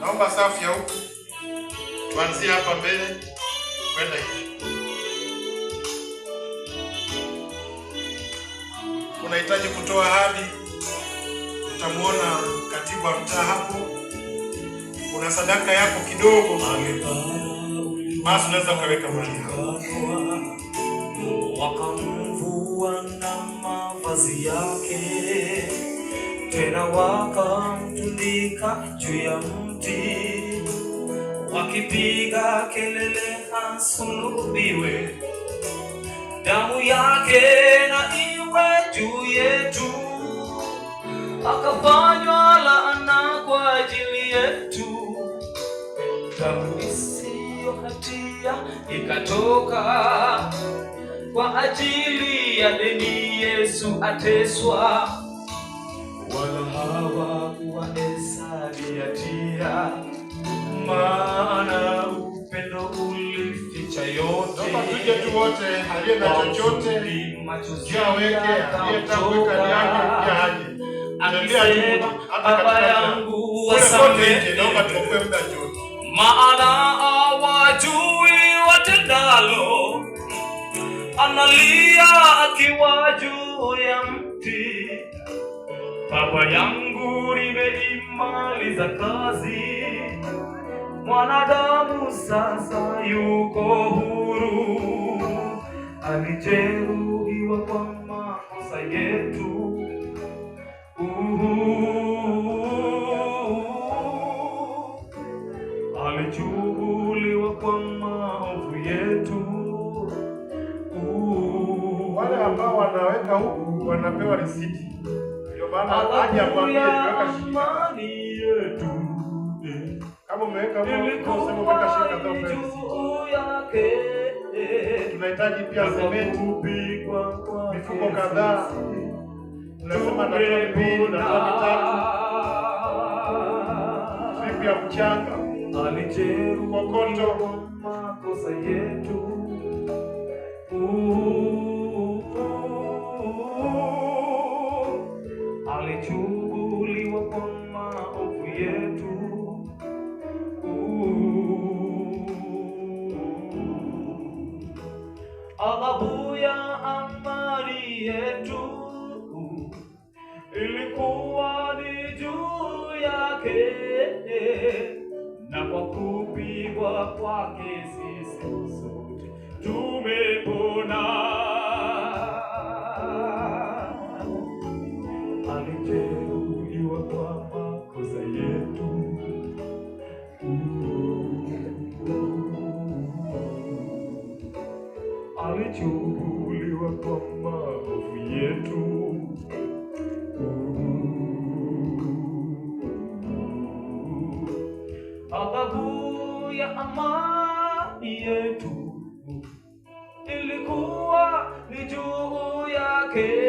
Naomba safu ya huku tuanzie hapa mbele kwenda hivi. Unahitaji kutoa hadi utamwona katibu wa mtaa hapo. Kuna sadaka yako kidogo, basi unaweza ukaweka mahali hapo. Wakamvua na mavazi yake tena wakamtulia walikusanyika juu ya mti wakipiga kelele, asulubiwe, damu yake na iwe juu yetu, akafanywa laana kwa ajili yetu, damu isiyo hatia ikatoka kwa ajili ya deni, Yesu ateswa wala hawa Hapa tuje tu wote, aliye na chochote aweke, aliyetaka kuweka yake aje. Baba yangu wasame, maana hawajui watendalo. Analia akiwa juu ya mti. Baba yangu nimeimaliza kazi, mwanadamu sasa yuko huru alijeruhiwa kwa makosa yetu. Alichukuliwa kwa maovu yetu. Wale ambao wanaweka huku wanapewa risiti, ndio maana haja amani yetu. Kama umeweka huku, sema umeweka shika, ndio umeweka risiti yake tunahitaji pia sementi mifuko kadhaa, tunasema tatoni mbili na tani tatu, vipi ya mchanga, kokoto Adhabu ya amani yetu ilikuwa ni juu yake, na kwa kupigwa kwake sisi sote tume tumechukuliwa kwa maovu yetu. Adhabu ya amani yetu ilikuwa ni juu yake.